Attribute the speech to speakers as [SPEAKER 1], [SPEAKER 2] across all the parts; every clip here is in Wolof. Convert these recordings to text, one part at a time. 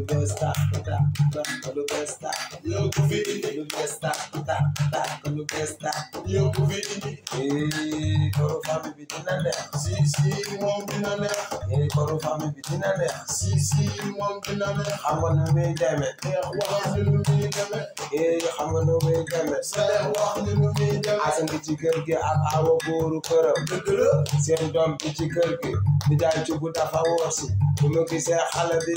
[SPEAKER 1] lu bees ta ta ta lu bees ta yow ku fi indi lu bees ta ta ta lu bees ta yow ku fi indi eh koro famille bi dina neex si si moom dina neex eh koro famille bi dina neex si si moom dina neex xam nga nu muy demee neex wax eh xam nga nu muy demee. Selex wax ni nu muy demee. ci kër gi ak awa góoru këram. dëgg la seen doom bi ci kër gi. di jaay cubu dafa wóor si. bu ma gisee xale bi.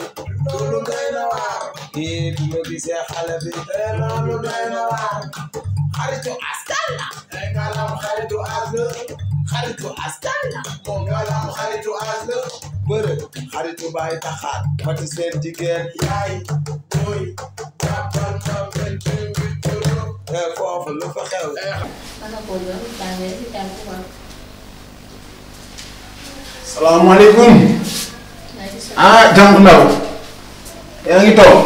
[SPEAKER 1] loolu doy na waar. eh bu ma gisee xale bi. eh loolu doy na waar. xaritu askan la. eh nga lam xaritu as la. xaritu askan la. moom nga lam xaritu as la. bëre xaritu baay taxaat. mati seen yaay booy. foofu lu fa xew.
[SPEAKER 2] salaamaaleykum. ah jàmm ndaw. yaa ngi toog.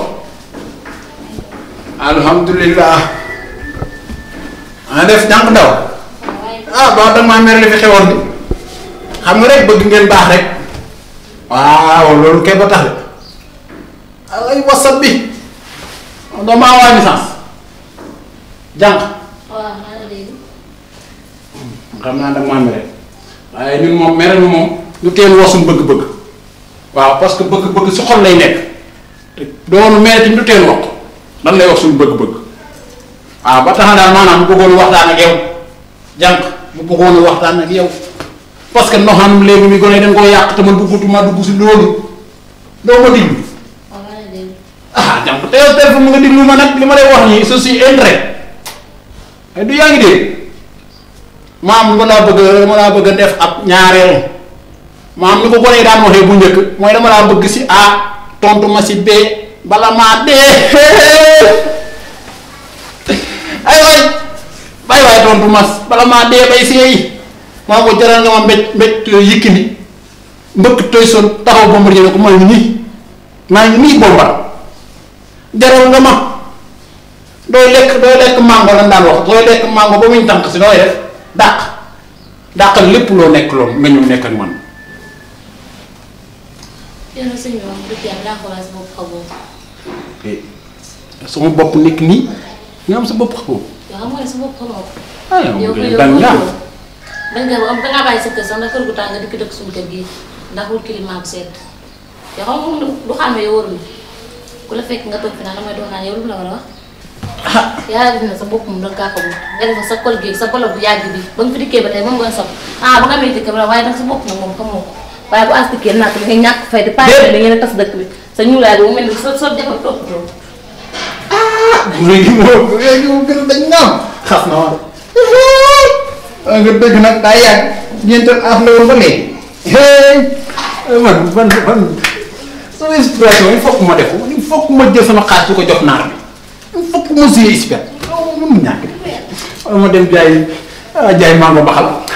[SPEAKER 2] alhamdulilah. ah def jàmm ndaw. ah ba da maa mer li fi xewoon bi xam nga rek bëgg ngeen baax rek. waaw loolu kay ba tax la. ay wasap bi. damaa waa licence. jànq. waaw hmm, xam naa dama mere waaye ñun moom mere nu moom ñu teel wax suñu bëgg-bëgg waaw parce que bëgg-bëgg si lay nekk te doonu mere tamit ñu teel wax lan lay wax suñu bëgg-bëgg waaw ba tax maanaam bu bëggoon waxtaan ak yow jànq bu bëggoon waxtaan ak yow parce que ndoxanum léegi mi gone dañ koo yàq te man bëggatuma dugg si loolu doo ma diglu. waaw maa ngi te yow téléphone nga diglu ma nag li ma lay wax nii ceci est vrai. Eh, du yaa ngi dégg maam lu laa bëgg dama laa bëgg a def ab ñaareel maam ni ko gone yi daan bu njëkk mooy dama laa bëgg si A tontu ma si B bala maa dee ay waay bay waay tontu ma bala maa dee bay seey maa ko jaral nga ma mbéj mbéj Yékini mbëkk toy son taxaw Bombardier ne ko ngi bombar jaral nga ma dooy lekk dooy lekk mango lañ daan wax dooy lekk mango ba muy tànk si dooy def dàq lépp loo nekk loolu nga ñëw nekk ak man. yàlla suñu wax dëgg yàlla eh, nii nga am sa bopp ko yow xam nga ne sa bopp xamoo ko. ah yow daan nga am da ngaa bàyyi sa kër sax ndax kër gu tàng dëkk suñu kër gi ndax wul bu sedd yow xam nga du xàmmee yow warul ku la fekk nga toog fi naan damay doon naan la war wax. yaa dina sa bopp moom da nga kaa xamul nga def sa kol gi sa kolo bu yàgg bi ba nga fi dikkee ba tey moom nga sopp ah ba nga waaye nag sa bopp moom moom a tas dëkk bi sa ñuulaay bi mu mel ni sa sa jafe toppatoo. ah léegi moom léegi moom gën a dañ naam na woon. ah nga dëgg nag daa yàgg ah, ma def il ma jël sama xaalis bi ko jox naar monsieur Isper.
[SPEAKER 1] waaw mënul ñàkk
[SPEAKER 2] ma dem jaay jaay mango baxal